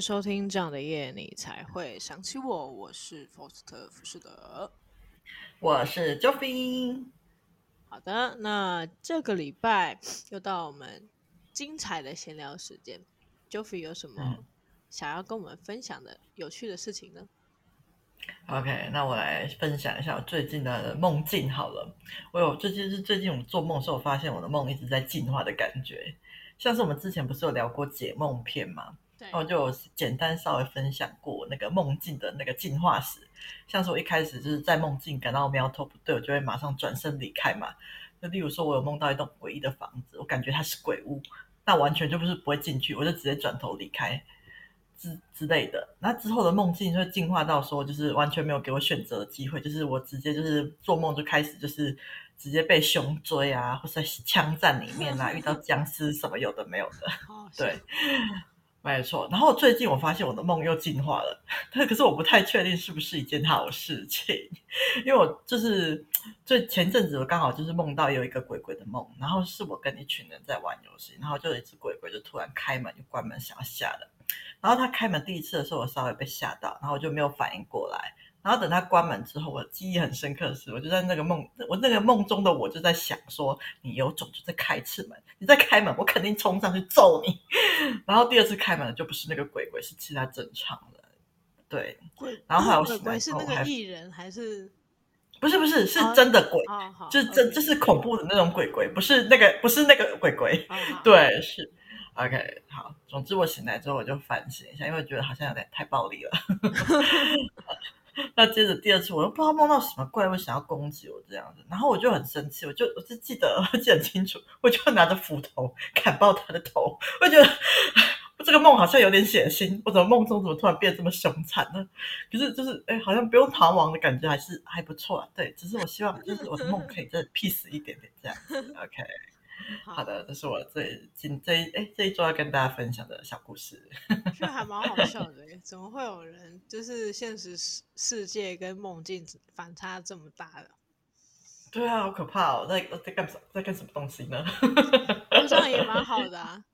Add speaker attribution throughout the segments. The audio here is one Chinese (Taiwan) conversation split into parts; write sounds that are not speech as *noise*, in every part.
Speaker 1: 收聽這樣的夜，你才會想起我。我是 Foster 福士德，
Speaker 2: 我是 Joffy。
Speaker 1: 好的，那這個禮拜又到我們精彩的閒聊時間。Joffy 有什麼想要跟我們分享的有趣的事情呢？嗯
Speaker 2: ，OK，那我來分享一下我最近的夢境好了。我有最近、就是最近我做夢的時候，發現我的夢一直在進化的感覺，像是我們之前不是有聊過解夢片嗎？然後就有簡單稍微分享過那個夢境的那個進化史，像是我一開始就是在夢境感到苗頭不對，我就會馬上轉身離開嘛。就例如說我有夢到一棟詭異的房子，我感覺它是鬼屋，那完全就不是不會進去，我就直接轉頭離開之之類的。那之後的夢境就會進化到說，就是完全沒有給我選擇的機會，就是我直接就是做夢就開始就是直接被熊追啊，或者在槍戰裡面啊，遇到殭屍什麼有的沒有的， *laughs* 對。沒錯，然後最近我發現我的夢又進化了，但可是我不太確定是不是一件好事情，因為我就是最前陣子我剛好就是夢到有一個鬼鬼的夢，然後是我跟一群人在玩遊戲，然後就有一隻鬼鬼就突然開門就關門想要嚇的，然後他開門第一次的時候我稍微被嚇到，然後我就沒有反應過來。然後等他關門之後，我記憶很深刻的是，我就在那個夢，我那個夢中的我就在想說，你有種，就在開次門，你再開門，我肯定衝上去揍你。 *laughs* 然後第二次開門的就不是那個鬼鬼，是其他正常人，對。
Speaker 1: 然後後來我醒來、哦、是那個藝人，還是還
Speaker 2: 不是不是是真的鬼，哦、就是真、哦哦、就真、okay. 這是恐怖的那種鬼鬼，不是那個不是那個鬼鬼，哦、 *laughs* 對，哦哦、是 OK。好，總之我醒來之後我就反省一下，因為覺得好像有點太暴力了。 *laughs* *laughs* 那接着第二次，我又不知道夢到什麼怪物，想要攻擊我這樣子，然後我就很生氣，我就我就記得我記得很清楚，我就拿着斧頭砍爆他的頭。我覺得我這個夢好像有點血腥，我怎麼夢中怎麼突然變這麼兇殘呢？可是就是哎，好像不用逃亡的感覺還是還不錯啊。對，只是我希望就是我的夢可以再 peace 一點點這樣 *laughs* ，OK。好的好，這是我最近這一哎這一桌要跟大家分享的小故事，就還
Speaker 1: 蠻好笑的耶、欸！ *laughs* 怎麼會有人就是現實世世界跟夢境反差這麼大的？
Speaker 2: 對啊，好可怕哦！在在幹什在幹什麼東西呢？ *laughs* 這樣也蠻好的啊，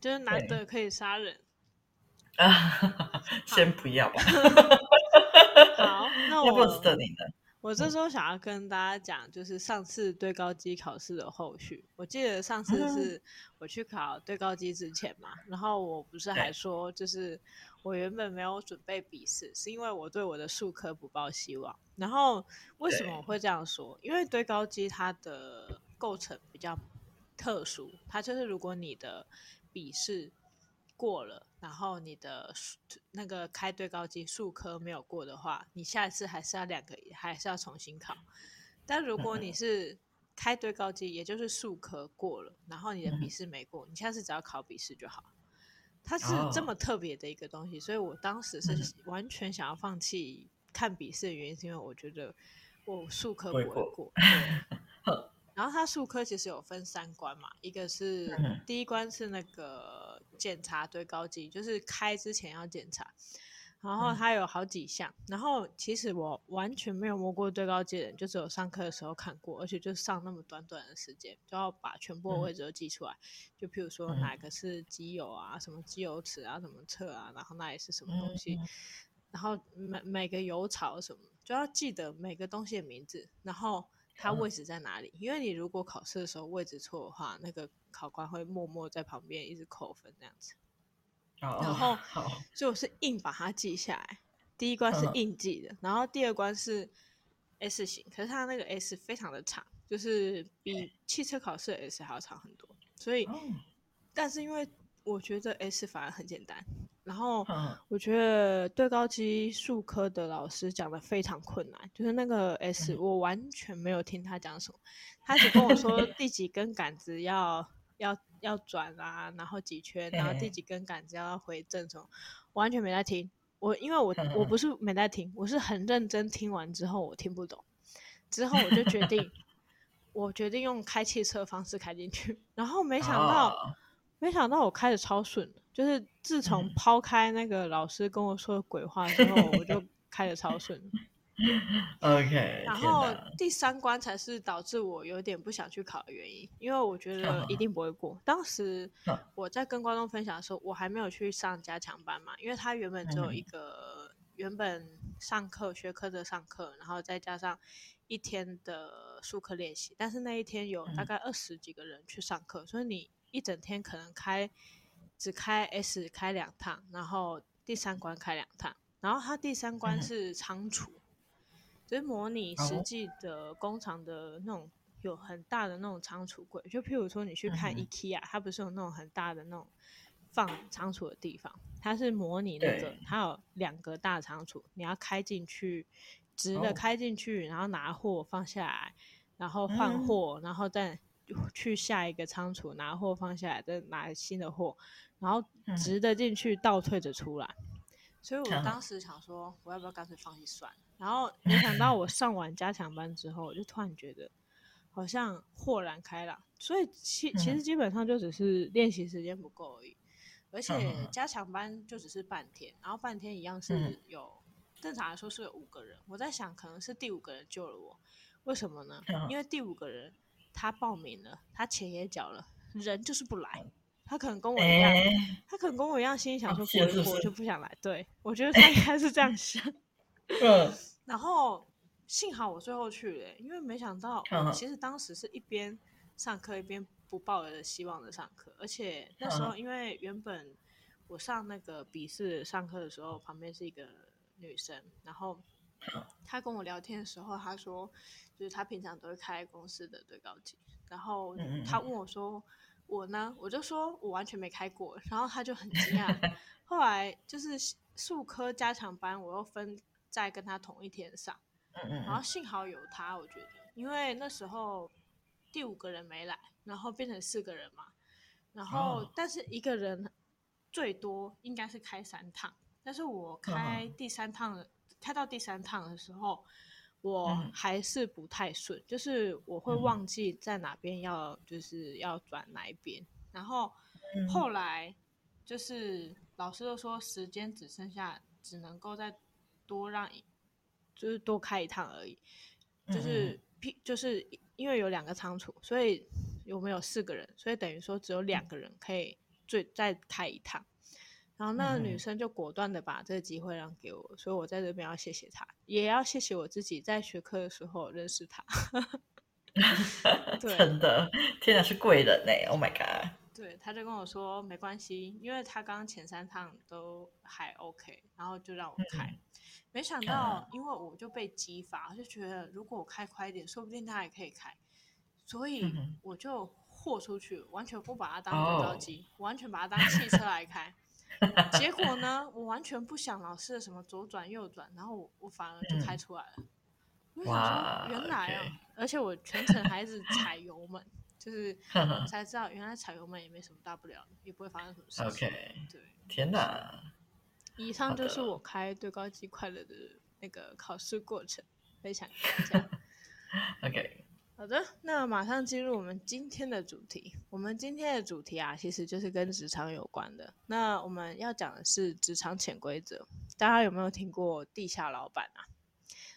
Speaker 1: 就是男的可以殺人啊
Speaker 2: *laughs* 先不要吧。
Speaker 1: *laughs* 好，那我。要是我這時候想要跟大家講，就是上次堆高機考試的後續。我記得上次是我去考堆高機之前嘛，然後我不是還說，就是我原本沒有準備筆試，是因為我對我的術科不抱希望。然後為什麼我會這樣說？因為堆高機它的構成比較特殊，它就是如果你的筆試。過了，然後你的那個開堆高機術科沒有過的話，你下次還是要兩個，還是要重新考。但如果你是開堆高機，也就是術科過了，然後你的筆試沒過，嗯，你下次只要考筆試就好。它是這麼特別的一個東西，哦、所以我當時是完全想要放棄看筆試的原因，是、嗯、因為我覺得我術科不會過。 *laughs* 然後它術科其實有分三關嘛，一個是第一關是那個檢查堆高機，嗯，就是開之前要檢查。然後它有好幾項，嗯，然後其實我完全沒有摸過堆高機的，人，就只有上課的時候看過，而且就上那麼短短的時間，就要把全部的位置都記出來。嗯、就譬如說哪個是機油啊，什麼機油尺啊，什麼測啊，然後那也是什麼東西。嗯嗯然後每每個油槽什麼，就要記得每個東西的名字，然後。它位置在哪裡？因為你如果考試的時候位置錯的話，那個考官會默默在旁邊一直扣分這樣子。
Speaker 2: 然後，oh,
Speaker 1: oh. 所以我是硬把它記下來。第一關是硬記的，oh. 然後第二關是 S 型，可是它那個 S 非常的長，就是比汽車考試 S 還要長很多。所以，oh. 但是因為我覺得 S 反而很簡單。然後我覺得對高級數科的老師講得非常困難，就是那個 S，、嗯、我完全沒有聽他講什麼，他只跟我說第幾根杆子要 *laughs* 要要轉啦、啊，然後幾圈，然後第幾根杆子要回正什麼，完全沒在聽。我因為我我不是沒在聽，我是很認真聽完之後我聽不懂，之後我就決定， *laughs* 我決定用開汽車方式開進去，然後沒想到。哦沒想到我開的超順的，就是自從拋開那個老師跟我說的鬼話之後，嗯、 *laughs* 我就開的超順
Speaker 2: 的。 *laughs* OK。然後
Speaker 1: 第三關才是導致我有點不想去考的原因，因為我覺得一定不會過。呵呵，當時我在跟觀眾分享的時候，我還沒有去上加強班嘛，因為他原本只有一個原本上課、嗯、學科的上課，然後再加上一天的術科練習，但是那一天有大概二十幾個人去上課，嗯、所以你。一整天可能開只開 S 開兩趟，然後第三關開兩趟，然後它第三關是倉儲，嗯、就是模擬實際的工廠的那種、哦、有很大的那種倉儲櫃。就譬如說你去看 IKEA，、嗯、它不是有那種很大的那種放倉儲的地方？它是模擬那個，它有兩個大倉儲，你要開進去，直的開進去、哦，然後拿貨放下來，然後換貨，嗯、然後再。去下一個倉儲拿貨放下來，再拿新的貨，然後直的進去、嗯，倒退着出來。所以我當時想說，我要不要乾脆放棄算了？然後沒想到我上完加強班之後， *laughs* 我就突然覺得好像豁然開朗。所以其其實基本上就只是練習時間不夠而已，而且加強班就只是半天，然後半天一樣是有、嗯、正常來說是有五個人，我在想可能是第五個人救了我，為什麼呢？嗯、因為第五個人。他報名了，他錢也繳了，人就是不來。他可能跟我一樣，欸、他可能跟我一樣，心裡想說：“不，我就不想來。啊是是”，對我覺得他應該是這樣想。
Speaker 2: 欸、
Speaker 1: *laughs* 然後幸好我最後去了，欸，因為沒想到，其實當時是一邊上課一邊不抱有的希望的上課。而且那時候因為原本我上那個筆試上課的時候，旁邊是一個女生，然後。他跟我聊天的時候，他說就是他平常都會開公司的最高級，然後他問我說我呢，我就說我完全沒開過，然後他就很驚訝。 *laughs* 後來就是術科加強班，我又分在跟他同一天上，
Speaker 2: *laughs* 然後
Speaker 1: 幸好有他，我覺得因為那時候第五個人沒來，然後變成四個人嘛，然後、oh. 但是一個人最多應該是開三趟，但是我開第三趟了、oh.。開到第三趟的時候，我還是不太順，嗯、就是我會忘記在哪邊要、嗯，就是要轉哪一邊。然後後來就是、嗯、老師都說時間只剩下，只能夠再多讓一，就是多開一趟而已。嗯、就是 P，就是因為有兩個倉儲，所以我們有四個人，所以等於說只有兩個人可以最、嗯、再開一趟。然後那個女生就果斷的把這個機會讓給我，嗯，所以我在這邊要謝謝她，也要謝謝我自己在學科的時候認識她。 *laughs* 對 *laughs* 真
Speaker 2: 的，天哪，是貴人呢，欸嗯，Oh my god！
Speaker 1: 對，他就跟我說沒關係，因為他剛剛前三趟都還 OK，然後就讓我開。嗯，沒想到，嗯，因為我就被激發，我就覺得如果我開快一點，說不定他也可以開，所以我就豁出去，完全不把它當公交機，哦，完全把它當汽車來開。 *laughs* *laughs* 結果呢？我完全不想老師的什麼左轉右轉，然後我我反而就開出來了。我、嗯、講說原來啊，wow, okay. 而且我全程還是踩油門，就是才知道原來踩油門也沒什麼大不了 *laughs* 也不會發生什麼事。OK，
Speaker 2: 對，天哪！
Speaker 1: 以上就是我開最高級快樂的那個考試過程，wow, okay. 非常 *laughs* OK。好的，那馬上進入我們今天的主題。我們今天的主題啊，其實就是跟職場有關的。那我們要講的是職場潛規則。大家有沒有聽過地下老闆啊？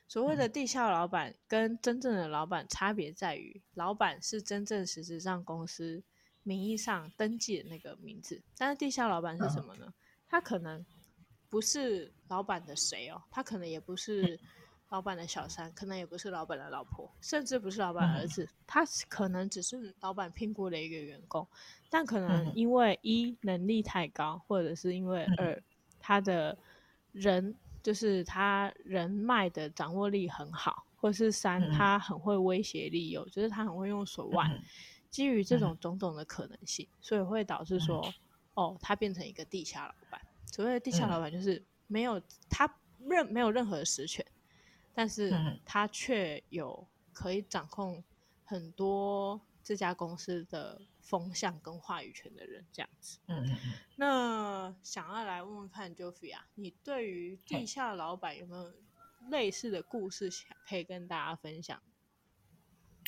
Speaker 1: 所謂的地下老闆跟真正的老闆差別在於，老闆是真正實質上公司名義上登記的那個名字。但是地下老闆是什麼呢？他可能不是老闆的誰哦，他可能也不是。老闆的小三，可能也不是老闆的老婆，甚至不是老闆的兒子、嗯，他可能只是老闆聘僱的一個員工，但可能因為一、嗯、能力太高，或者是因為二，他的人就是他人脈的掌握力很好，或是三，他很會威脅利誘、哦嗯，就是他很會用手腕、嗯。基於這種種種的可能性，所以會導致說，嗯、哦，他變成一個地下老闆。所謂的地下老闆就是沒有、嗯、他任沒有任何的實權。但是他卻有可以掌控很多這家公司的風向跟話語權的人，這樣子。嗯，那想要來問問看 Jovi 啊，你對於地下老闆有沒有類似的故事可以跟大家分享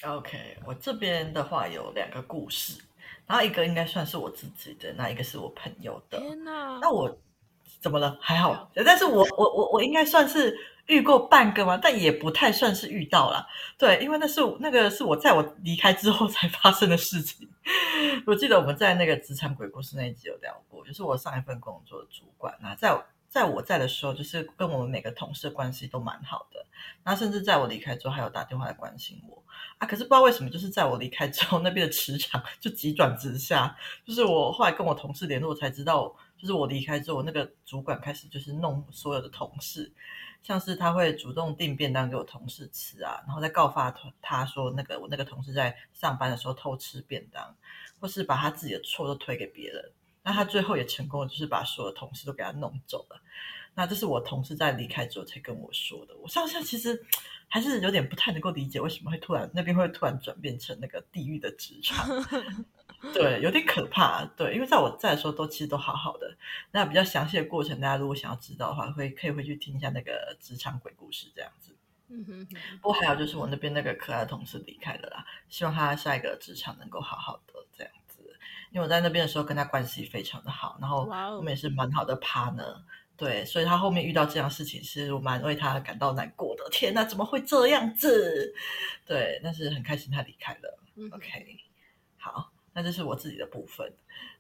Speaker 2: ？OK，我這邊的話有兩個故事，然後一個應該算是我自己的，那一個是我朋友的。
Speaker 1: 天哪！
Speaker 2: 那我。怎麼了？還好，但是我我我我應該算是遇過半個嗎？但也不太算是遇到啦。對，因為那是那個是我在我離開之後才發生的事情。我記得我們在那個職場鬼故事那一集有聊過，就是我上一份工作的主管啊，在在我在的時候，就是跟我們每個同事關係都蠻好的，那甚至在我離開之後，還有打電話來關心我啊。可是不知道為什麼，就是在我離開之後，那邊的磁場就急轉直下。就是我後來跟我同事聯絡才知道。就是我離開之後，那個主管開始就是弄所有的同事，像是他會主動訂便當給我同事吃啊，然後再告發他，說那個我那個同事在上班的時候偷吃便當，或是把他自己的錯都推給別人。那他最後也成功了，就是把所有的同事都給他弄走了。那這是我同事在離開之後才跟我說的。我上次其實還是有點不太能夠理解，為什麼會突然那邊會突然轉變成那個地獄的職場。 *laughs* 對，有點可怕。對，因為在我在的時候都其實都好好的。那比較詳細的過程，大家如果想要知道的話，會可，可以回去聽一下那個職場鬼故事這樣子。嗯
Speaker 1: 哼，哼。不過還有就
Speaker 2: 是我那邊那個可愛的同事離開了啦，希望他下一個職場能夠好好的這樣子。因為我在那邊的時候跟他關係非常的好，然後我們也是蠻好的趴呢。對，所以他後面遇到這樣的事情，是我蠻為他感到難過的。天哪，怎麼會這樣子？對，但是很開心他離開了。嗯、OK，好。那就是我自己的部分。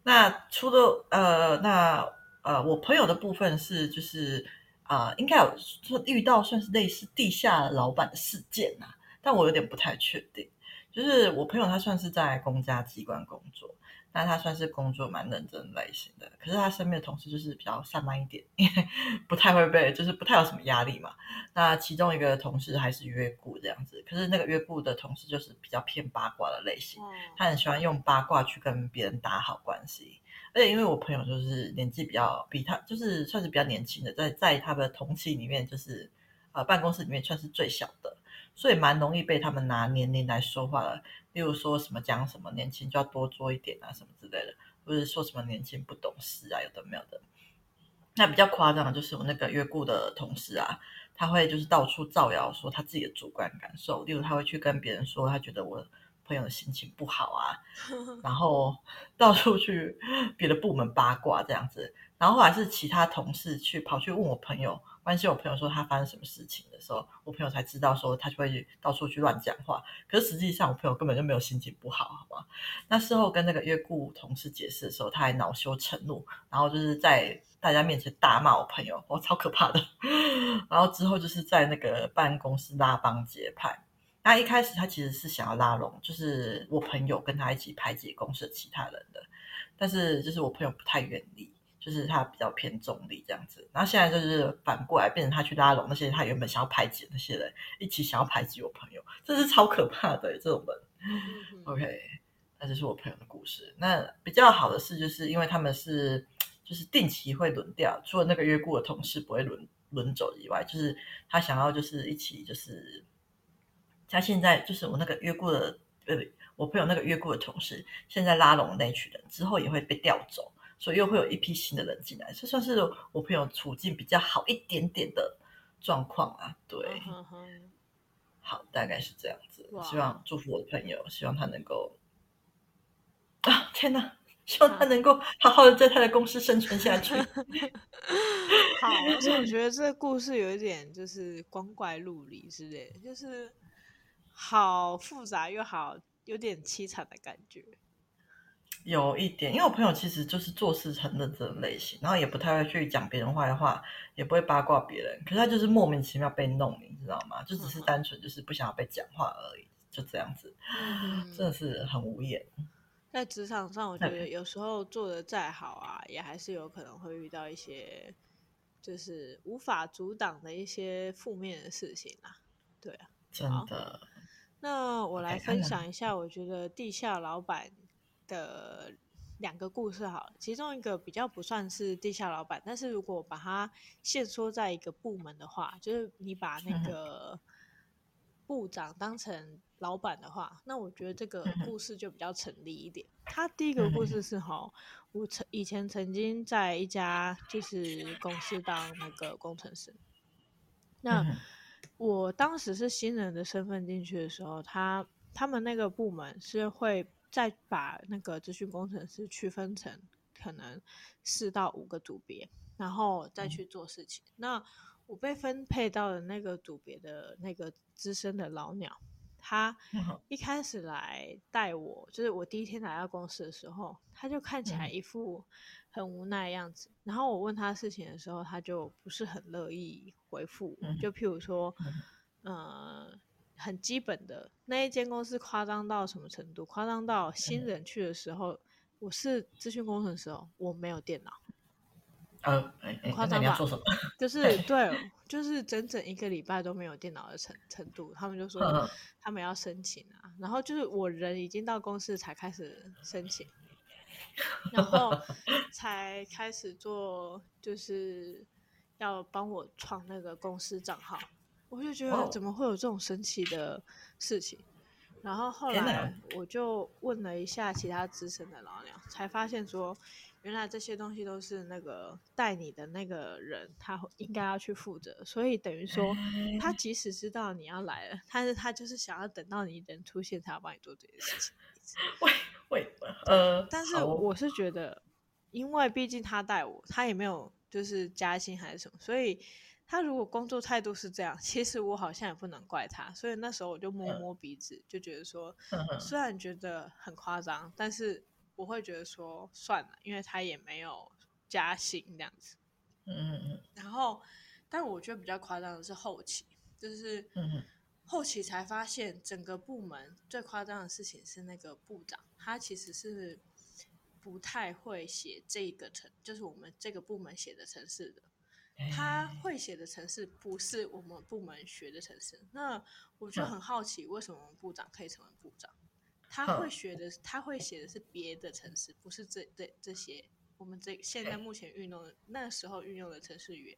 Speaker 2: 那除了呃，那呃，我朋友的部分是就是啊、呃，應該有遇到算是類似地下老闆的事件啊，但我有點不太確定。就是我朋友他算是在公家機關工作。那他算是工作蠻認真類型的，可是他身邊的同事就是比較散漫一點，因為不太會被，就是不太有什麼壓力嘛。那其中一個同事還是約顧這樣子，可是那個約顧的同事就是比較偏八卦的類型，他很喜歡用八卦去跟別人打好關係。嗯。而且因為我朋友就是年紀比較比他，就是算是比較年輕的，在在他的同期裡面，就是呃辦公室裡面算是最小的。所以蠻容易被他們拿年齡來說話了，例如說什麼講什麼年輕就要多做一點啊，什麼之類的，或者說什麼年輕不懂事啊，有的沒有的。那比較誇張的就是我那個月顧的同事啊，他會就是到處造謠說他自己的主觀感受，例如他會去跟別人說他覺得我朋友的心情不好啊，然後到處去別的部門八卦這樣子，然後還是其他同事去跑去問我朋友。關心我朋友說他發生什麼事情的時候，我朋友才知道說他就會到處去亂講話。可是實際上我朋友根本就沒有心情不好，好吧。那事後跟那個約顧同事解釋的時候，他還惱羞成怒，然後就是在大家面前大罵我朋友，我、哦、超可怕的。然後之後就是在那個辦公室拉幫結派。那一開始他其實是想要拉攏，就是我朋友跟他一起排擠公司的其他人的，但是就是我朋友不太願意。就是他比較偏中立這樣子，然後現在就是反過來變成他去拉攏那些他原本想要排擠那些人，一起想要排擠我朋友，這是超可怕的、欸、這種人、嗯。嗯嗯、OK，那這是我朋友的故事。那比較好的事就是因為他們是就是定期會輪調，除了那個約顧的同事不會輪輪走以外，就是他想要就是一起就是他現在就是我那個約顧的呃我朋友那個約顧的同事現在拉攏那一群人之後也會被調走。所以又會有一批新的人進來，這算是我朋友處境比較好一點點的狀況啊。對，啊、哼哼好，大概是這樣子。希望祝福我的朋友，希望他能夠、啊、天哪，希望他能夠好好的在他的公司生存下去。啊、 *laughs* *laughs* 好，
Speaker 1: 所以我覺得這個故事有一點就是光怪陸離，是不是？就是好複雜又好，有點淒慘的感覺。
Speaker 2: 有一點，因為我朋友其實就是做事成的這類型，然後也不太會去講別人壞話，也不會八卦別人。可是他就是莫名其妙被弄，你知道嗎？就只是單純就是不想要被講話而已，就這樣子，嗯、真的是很無言。
Speaker 1: 在職場上，我覺得有時候做的再好啊、嗯，也還是有可能會遇到一些就是無法阻擋的一些負面的事情啊。對啊，真的。那我來分享一下，我覺得地下老闆，的兩個故事好了，其中一個比較不算是地下老闆，但是如果把它限縮在一個部門的話，就是你把那個部長當成老闆的話，那我覺得這個故事就比較成立一點。 *laughs* 他第一個故事是哈，我曾以前曾經在一家就是公司當那個工程師，那我當時是新人的身份進去的時候，他他們那個部門是會再把那個資訊工程師區分成可能四到五個組別，然後再去做事情。嗯、那我被分配到了那個組別的那個資深的老鳥，他一開始來帶我，就是我第一天來到公司的時候，他就看起來一副很無奈的樣子，嗯。然後我問他事情的時候，他就不是很樂意回復。就譬如說，嗯。呃很基本的，那一間公司誇張到什麼程度？誇張到新人去的時候，嗯、我是資訊工程師哦，我沒有電腦。嗯，
Speaker 2: 誇張吧？就是對，
Speaker 1: *laughs* 就是整整一個禮拜都沒有電腦的程程度。他們就說他們要申請啊，然後就是我人已經到公司才開始申請，然後才開始做，就是要幫我創那個公司賬號我就覺得怎麼會有這種神奇的事情，oh. 然後後來我就問了一下其他資深的老鳥，啊、才發現說，原來這些東西都是那個帶你的那個人，他應該要去負責。所以等於說，他即使知道你要來了，嗯，但是他就是想要等到你人出現，才要幫你做這件事情。喂喂，對，
Speaker 2: 呃，但是我
Speaker 1: 是覺得，因為畢竟他帶我，他也沒有就是加薪還是什麼，所以。他如果工作態度是這樣，其實我好像也不能怪他，所以那時候我就摸摸鼻子，嗯、就覺得說，雖然覺得很誇張，但是我會覺得說算了，因為他也沒有加薪這樣子。嗯，嗯，然後，但我覺得比較誇張的是後期，就是後期才發現整個部門最誇張的事情是那個部長，他其實是不太會寫這個程，就是我們這個部門寫的程式的。他會寫的程式不是我們部門學的程式，那我就很好奇，為什麼我們部長可以成為部長？他會學的，他會寫的是別的程式，不是這這這些我們這現在目前運用的那時候運用的程式語言。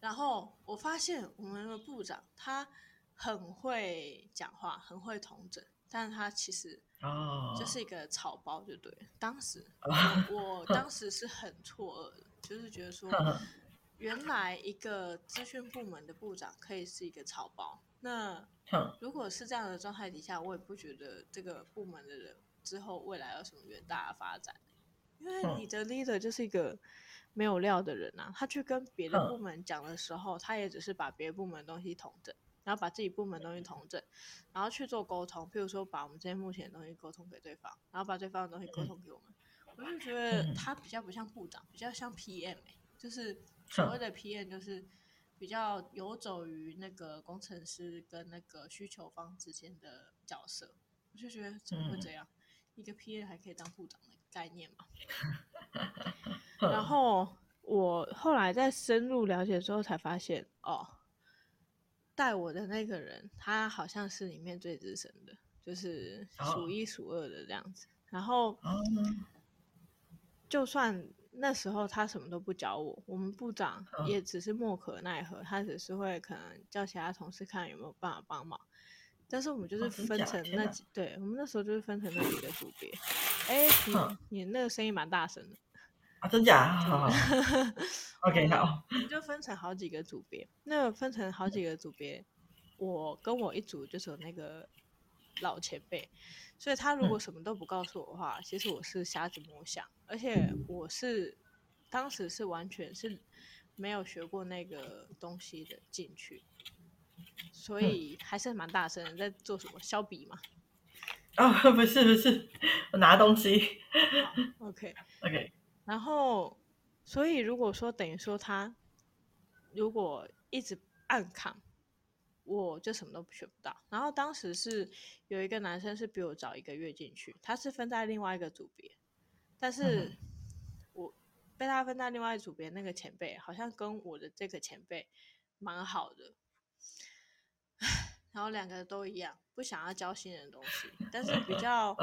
Speaker 1: 然後我發現我們的部長他很會講話，很會統整，但是他其實哦就是一個草包，就對。當時
Speaker 2: *laughs* 我當
Speaker 1: 時是很錯愕的。就是覺得說，原來一個資訊部門的部長可以是一個草包。那如果是這樣的狀態底下，我也不覺得這個部門的人之後未來有什麼遠大的發展。因為你的 leader 就是一個沒有料的人吶。他去跟別的部門講的時候，他也只是把別的部門的東西統整，然後把自己部門東西統整，然後去做溝通。譬如說，把我們這些目前的東西溝通給對方，然後把對方的東西溝通給我們。我就覺得他比較不像部長，嗯、比較像 PM，、欸、就是所謂的 PM，就是比較游走於那個工程師跟那個需求方之間的角色。我就覺得怎麼會這樣，嗯，一個 PM 還可以當部長的概念嘛？ *laughs* 然後我後來在深入了解之後才發現，哦，帶我的那個人，他好像是裡面最資深的，就是數一數二的這樣子。哦，然後。嗯就算那時候他什麼都不教我，我們部長也只是莫可奈何，嗯，他只是會可能叫其他同事看有沒有辦法幫忙，但是我們就是分成那幾，哦、對我們那時候就是分
Speaker 2: 成那幾個組別。
Speaker 1: 哎，你、嗯、你那個聲音蠻大聲的。
Speaker 2: 啊，真假？
Speaker 1: 好好。 *laughs* OK，好。我們就分成好幾個組別，那分成好幾個組別，嗯，我跟我一組就是有那個。老前輩，所以他如果什麼都不告訴我的話、嗯，其實我是瞎子摸象，而且我是當時是完全是沒有學過那個東西的進去，所以還是蠻大聲的在做什麼削筆嘛？
Speaker 2: 哦，不是不是，我拿東西。
Speaker 1: OK OK，然後所以如果說等於說他如果一直按看。我就什麼都學不到。然後當時是有一個男生是比我早一個月進去，他是分在另外一個組別，但是我被他分在另外一個組別那個前輩，好像跟我的這個前輩蠻好的。 *laughs* 然後兩個都一樣，不想要教新人東西，但是比較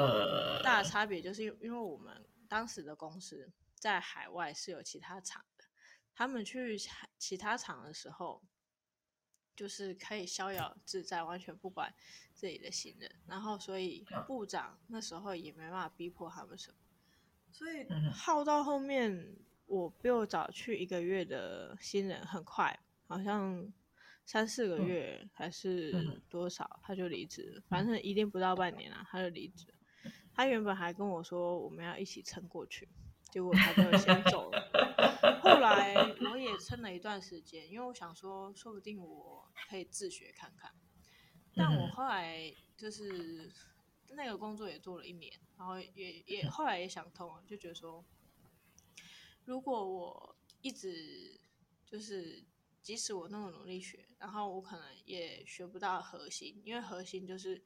Speaker 1: 大的差別就是，因為我們當時的公司在海外是有其他廠的，他們去其他廠的時候。就是可以逍遙自在，完全不管自己的新人。然後，所以部長那時候也沒辦法逼迫他們什麼。所以，耗到後面，我比我早去一個月的新人，很快，好像三四個月還是多少，他就離職。反正一定不到半年啊，他就離職。他原本還跟我說我們要一起撐過去，結果他就先走了。 *laughs* 後來，我也撐了一段時間，因為我想說，說不定我可以自學看看。但我後來就是那個工作也做了一年，然後也也後來也想通了，就覺得說，如果我一直就是即使我那麼努力學，然後我可能也學不到核心，因為核心就是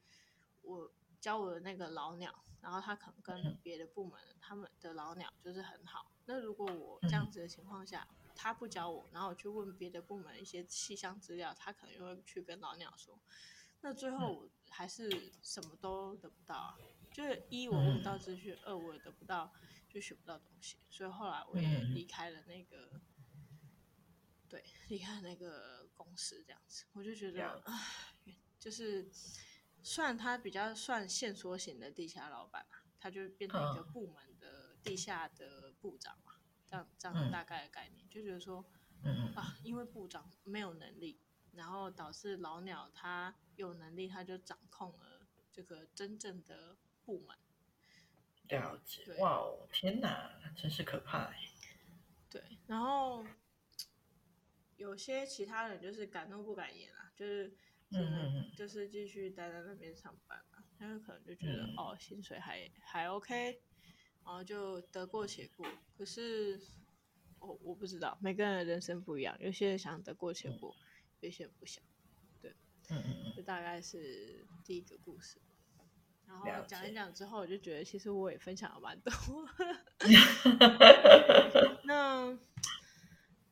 Speaker 1: 我教我的那個老鳥，然後他可能跟別的部門他們的老鳥就是很好。那如果我這樣子的情況下、嗯，他不教我，然後我去問別的部門一些氣象資料，他可能就會去跟老鳥說，那最後我還是什麼都得不到啊，就是一我問不到資訊、嗯，二我也得不到，就學不到東西，所以後來我也離開了那個，嗯、對，離開了那個公司這樣子，我就覺得啊、嗯，就是算他比較算線索型的地下老闆、啊、他就變成一個部門的、嗯。地下的部長嘛，這樣這樣大概的概念，嗯、就覺得說、嗯，啊，因為部長沒有能力，然後導致老鳥他有能力，他就掌控了這個真正的部門。
Speaker 2: 了解，對。哇哦，天哪，真是可怕哎，欸。對，
Speaker 1: 然後有些其他人就是敢怒不敢言啊，就是，嗯，就是繼續待在那邊上班啊，他們可能就覺得、嗯、哦，薪水，還還 OK。然後就得過且過，可是我我不知道，每個人的人生不一樣，有些人想得過且過，嗯、有些人不想。對，這、嗯嗯嗯、大概是第一個故事。然後講一講之後，我就覺得其實我也分享的蠻多。了 *laughs* *laughs* *laughs* *laughs* 那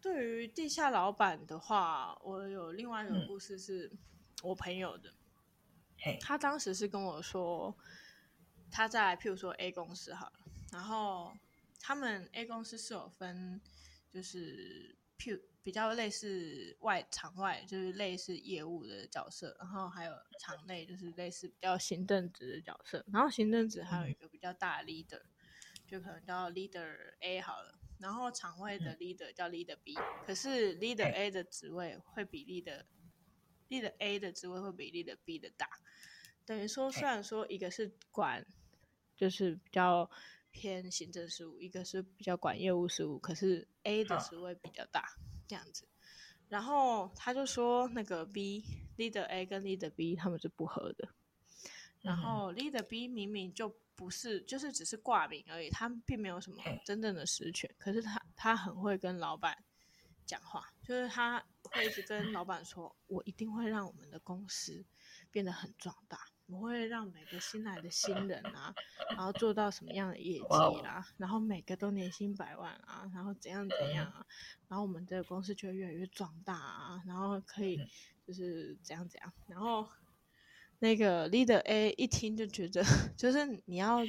Speaker 1: 對於地下老闆的話，我有另外一個故事，是我朋友的、嗯。他當時是跟我說，他在譬如說 A 公司哈。然後他們 A 公司是有分，就是譬如比較類似外場外，就是類似業務的角色，然後還有場內就是類似比較行政職的角色。然後行政職還有一個比較大的 leader，、嗯、就可能叫 leader A 好了。然後場外的 leader 叫 leader B，可是 leader A 的職位會比 leader，、嗯、leader A 的職位會比 leader leader A 的職位會比 leader B 的大，等於說雖然說一個是管，嗯、就是比較。偏行政事務，一個是比較管業務事務，可是 A 的職位比較大，啊，這樣子。然後他就說，那個 B、嗯、Leader A 跟 Leader B 他們是不合的，嗯。然後 Leader B 明明就不是，就是只是掛名而已，他們並沒有什麼真正的實權。嗯、可是他他很會跟老闆講話，就是他會一直跟老闆說，嗯、我一定會讓我們的公司變得很壯大。我會讓每個新來的新人啊，然後做到什麼樣的業績啦、啊，然後每個都年薪百萬啊，然後怎樣怎樣啊，然後我們這個公司就會越來越壯大啊，然後可以就是怎樣怎樣，然後那個 leader A 一聽就覺得，就是你要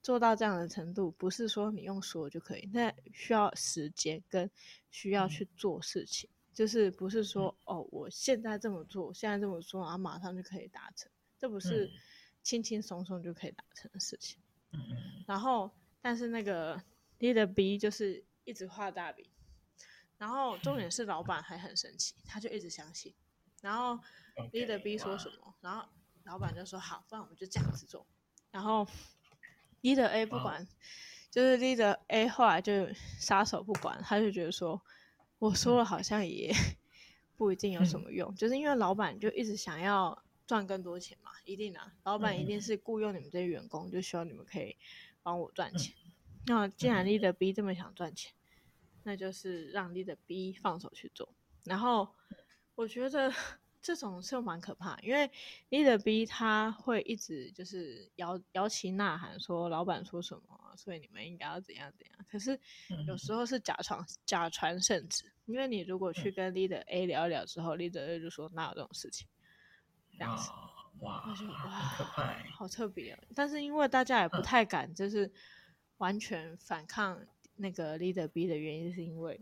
Speaker 1: 做到這樣的程度，不是說你用說就可以，那需要時間跟需要去做事情，就是不是說哦，我現在這麼做，現在這麼說，然後馬上就可以達成。這不是輕輕鬆鬆就可以達成的事情、嗯。然後，但是那個 leader B 就是一直畫大餅，然後重點是老闆還很神奇，他就一直相信。然後 leader B 說什麼，okay, wow. 然後老闆就說：“好，不然我們就這樣子做。”然後 leader A 不管，wow. 就是 leader A 後來就撒手不管，他就覺得說：“我說了好像也不一定有什麼用，嗯、就是因為老闆就一直想要。”賺更多錢嘛，一定啊。老闆一定是僱傭你們這些員工，就希望你們可以幫我賺錢、嗯。那既然 leader B 這麼想賺錢，那就是讓 leader B 放手去做。然後我覺得這種事蠻可怕，因為 leader B 他會一直就是搖搖旗吶喊，說老闆說什麼，所以你們應該要怎樣怎樣。可是有時候是假傳假傳聖旨，因為你如果去跟 leader A 聊了之後、嗯、，leader A 就說哪有這種事情。這樣子，oh, wow, 我哇，好可怕，好特別，但是因為大家也不太敢，就是完全反抗那個 leader B 的原因，就是因為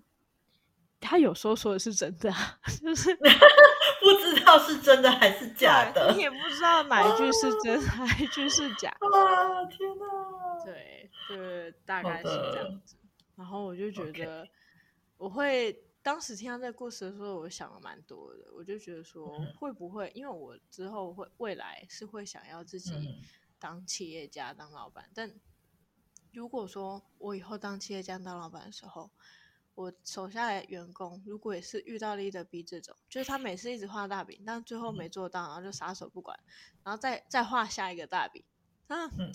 Speaker 1: 他有時候說的是真的， *laughs* 就是 *laughs* 不知道是
Speaker 2: 真的還是假的，你也不
Speaker 1: 知道哪一句是真的，oh, 哪一句是假的。哇、oh, 天啊，對，就是大概是這樣子。然後我就覺得，我會。當時聽他這個故事的時候，我想了蠻多的。我就覺得說，會不會，因為我之後會未來是會想要自己當企業家、當老闆。但如果說我以後當企業家、當老闆的時候，我手下的員工如果也是遇到了 B 這種，就是他每次一直畫大餅，但最後沒做到，然後就撒手不管，然後再再畫下一個大餅。那、嗯、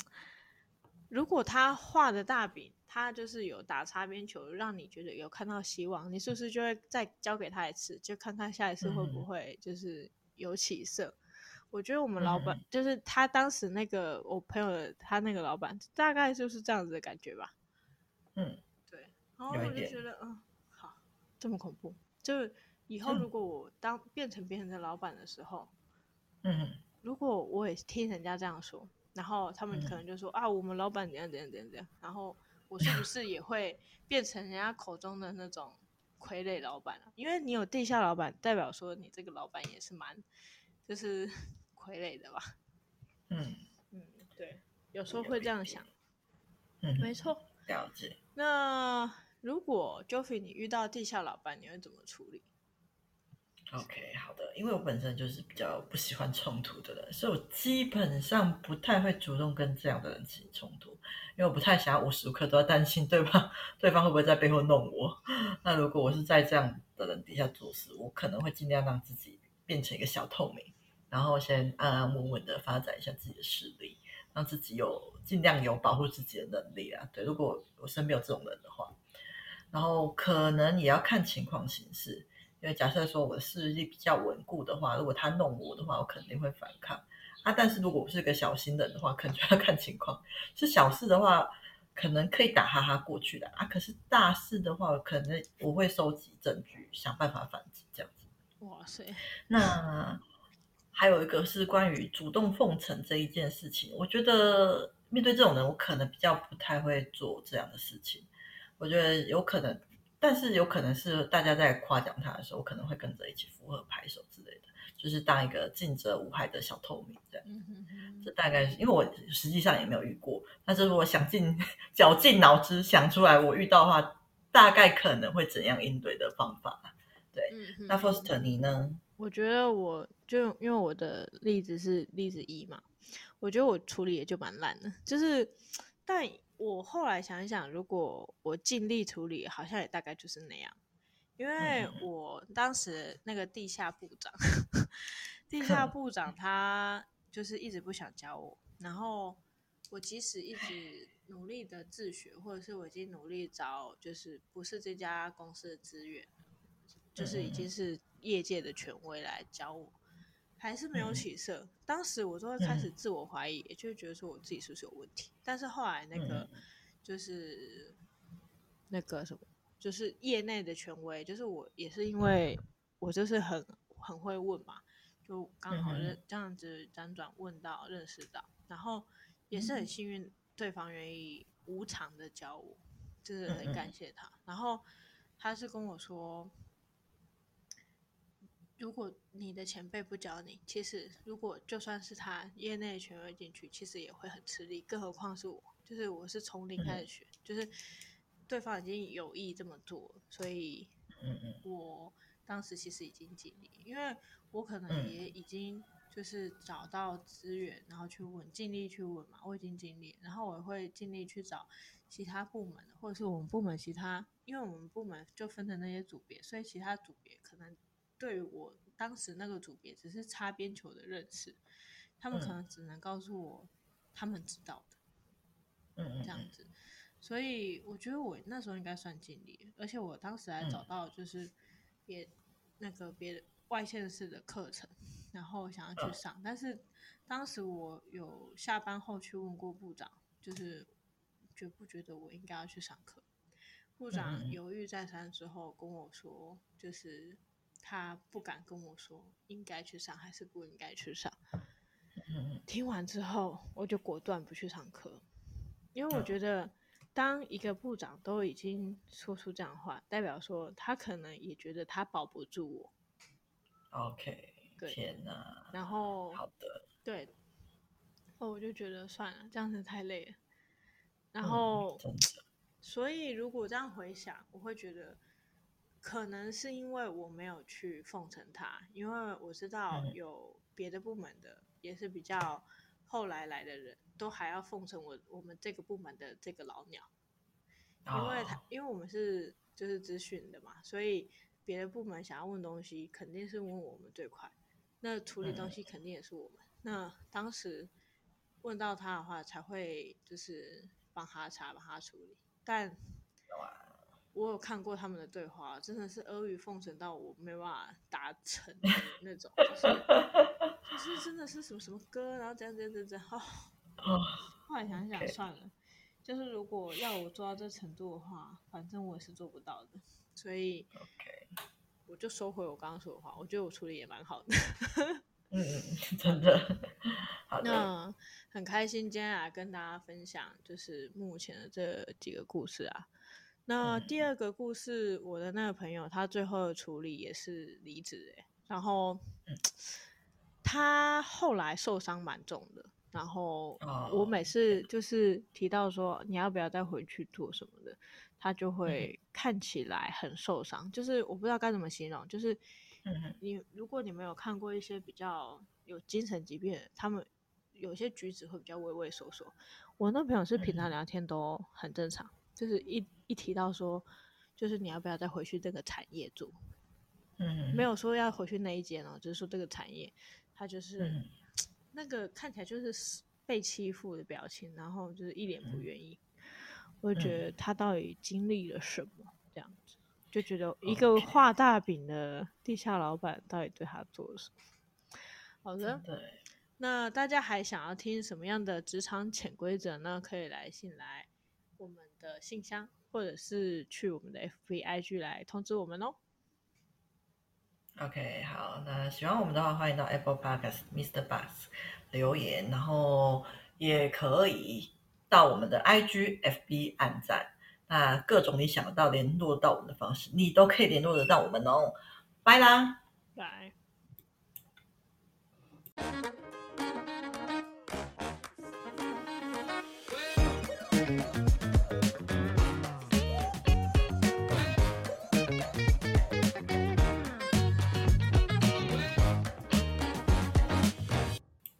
Speaker 1: 如果他畫的大餅，他就是有打擦邊球，讓你覺得有看到希望，你是不是就會再交給他一次，就看看下一次會不會就是有起色？嗯、我覺得我們老闆、嗯、就是他當時那個我朋友的，他那個老闆，大概就是這樣子的感覺吧。嗯，對。有一點。然後我就覺得，嗯，好，這麼恐怖。就以後如果我當變成別人的老闆的時候，嗯，如果我也聽人家這樣說，然後他們可能就說、嗯、啊，我們老闆怎樣怎樣怎樣怎樣，然後。 *laughs* 我是不是也會變成人家口中的那種傀儡老闆啊？因為你有地下老闆，代表說你這個老闆也是蠻就是傀儡的吧？嗯嗯，
Speaker 2: 對，
Speaker 1: 有時候會這樣想。沒，必
Speaker 2: 必、嗯、沒錯。了解。
Speaker 1: 那如果 Jovi 你遇到地下老闆，你會怎麼處理？
Speaker 2: OK，好的，因為我本身就是比較不喜歡衝突的人，所以我基本上不太會主動跟這樣的人進行衝突，因為我不太想要無時無刻都要擔心對方，對方會不會在背後弄我。那如果我是在這樣的人底下做事，我可能會儘量讓自己變成一個小透明，然後先安安穩穩地發展一下自己的實力，讓自己有盡量有保護自己的能力啊。對，如果我身邊有這種人的話，然後可能也要看情況形式。因為假設說我的勢力比較穩固的話，如果他弄我的話，我肯定會反抗啊。但是如果我是個小心人的話，可能就要看情況。是小事的話，可能可以打哈哈過去的啊。可是大事的話，可能我會收集證據，想辦法反擊這樣子。哇塞，那還有一個是關於主動奉承這一件事情，我覺得面對這種人，我可能比較不太會做這樣的事情。我覺得有可能。但是有可能是大家在誇獎他的時候，我可能會跟着一起附和拍手之類的，就是當一個盡責無害的小透明這樣。嗯、哼哼這大概是因為我實際上也沒有遇過，但是我想盡絞盡腦汁想出來，我遇到的話大概可能會怎樣應對的方法。對，嗯、哼哼那 Foster 你呢？
Speaker 1: 我覺得我就因為我的例子是例子一嘛，我覺得我處理也就蠻爛的，就是但。我後來想一想，如果我盡力處理，好像也大概就是那樣，因為我當時那個地下部長，地下部長他就是一直不想教我，然後我即使一直努力的自學，或者是我已經努力找，就是不是這家公司的資源，就是已經是業界的權威來教我。還是沒有起色，嗯、當時我就會開始自我懷疑、嗯，也就是覺得說我自己是不是有問題。但是後來那個就是、嗯就是、那個什麼，就是業內的權威，就是我也是因為我就是很很會問嘛，就剛好認、嗯、這樣子輾轉問到認識到，然後也是很幸運，對方願意無償的教我，就、嗯、是很感謝他、嗯。然後他是跟我說。如果你的前輩不教你，其實如果就算是他業內權威進去，其實也會很吃力，更何況是我，就是我是從零開始學，就是對方已經有意這麼做，所以，我當時其實已經盡力，因為我可能也已經就是找到資源，然後去問，盡力去問嘛，我已經盡力，然後我會盡力去找其他部門的，或者是我們部門其他，因為我們部門就分成那些組別，所以其他組別可能。對，我當時那個組別只是擦邊球的認識，他們可能只能告訴我他們知道的，嗯，這樣子，所以我覺得我那時候應該算盡力，而且我當時還找到就是別、嗯、那個別外縣市的課程，然後想要去上，啊，但是當時我有下班後去問過部長，就是覺不覺得我應該要去上課？部長猶豫再三之後跟我說，就是，嗯他不敢跟我說應該去上還是不應該去上。聽完之後，我就果斷不去上課，因為我覺得，當一個部長都已經說出這樣的話，代表說他可能也覺得他保不住我。
Speaker 2: OK。天哪。
Speaker 1: 然後。好的。對。哦，我就覺得算了，這樣子太累了。然後，所以如果這樣回想，我會覺得。可能是因為我沒有去奉承他，因為我知道有別的部門的、嗯、也是比較後來來的人，都還要奉承我。我們這個部門的這個老鳥，
Speaker 2: 因為他
Speaker 1: 因為我們是就是資訊的嘛，所以別的部門想要問東西，肯定是問我們最快。那處理東西肯定也是我們。嗯、那當時問到他的話，才會就是幫他查，幫他處理。但有啊。我有看過他們的對話，真的是阿諛奉承到我沒辦法達成那種， *laughs* 就是就是真的是什麼什麼歌？然後這樣這樣這樣啊！啊、哦哦，後來想想算了，okay. 就是如果要我做到這程度的話，反正我也是做不到的，okay. 所以，我就收回我剛剛說的話。我覺得我處理也蠻好的，嗯 *laughs* 嗯，真的。好的。那很開心今天來跟大家分享，就是目前的這幾個故事啊。那第二個故事，嗯，我的那個朋友他最後的處理也是離職，欸，然後、嗯、他後來受傷蠻重的，然後我每次就是提到說你要不要再回去做什麼的，他就會看起來很受傷、嗯，就是我不知道該怎麼形容，就是你、嗯嗯、你如果你沒有看過一些比較有精神疾病的，他們有些舉止會比較畏畏縮縮，我那朋友是平常聊天都很正常。嗯嗯就是一一提到說，就是你要不要再回去這個產業做？嗯，
Speaker 2: 沒有
Speaker 1: 說要回去那一間哦，就是說這個產業，他就是、嗯、那個看起來就是被欺負的表情，然後就是一臉不願意。嗯、我就覺得他到底經歷了什麼？這樣子就覺得一個畫大餅的地下老闆到底對他做了什麼？好的，對，那大家還想要聽什麼樣的職場潛規則呢？可以來信來。我們的信箱，或者是去我們的 FB IG 來通知我們哦。
Speaker 2: OK，好，那喜歡我們的話，歡迎到 Apple Podcasts MixerBox 留言，然後也可以到我們的 IG FB 按讚，那各種你想到聯絡到我們的方式，你都可以聯絡得到我們哦。拜啦，
Speaker 1: 拜。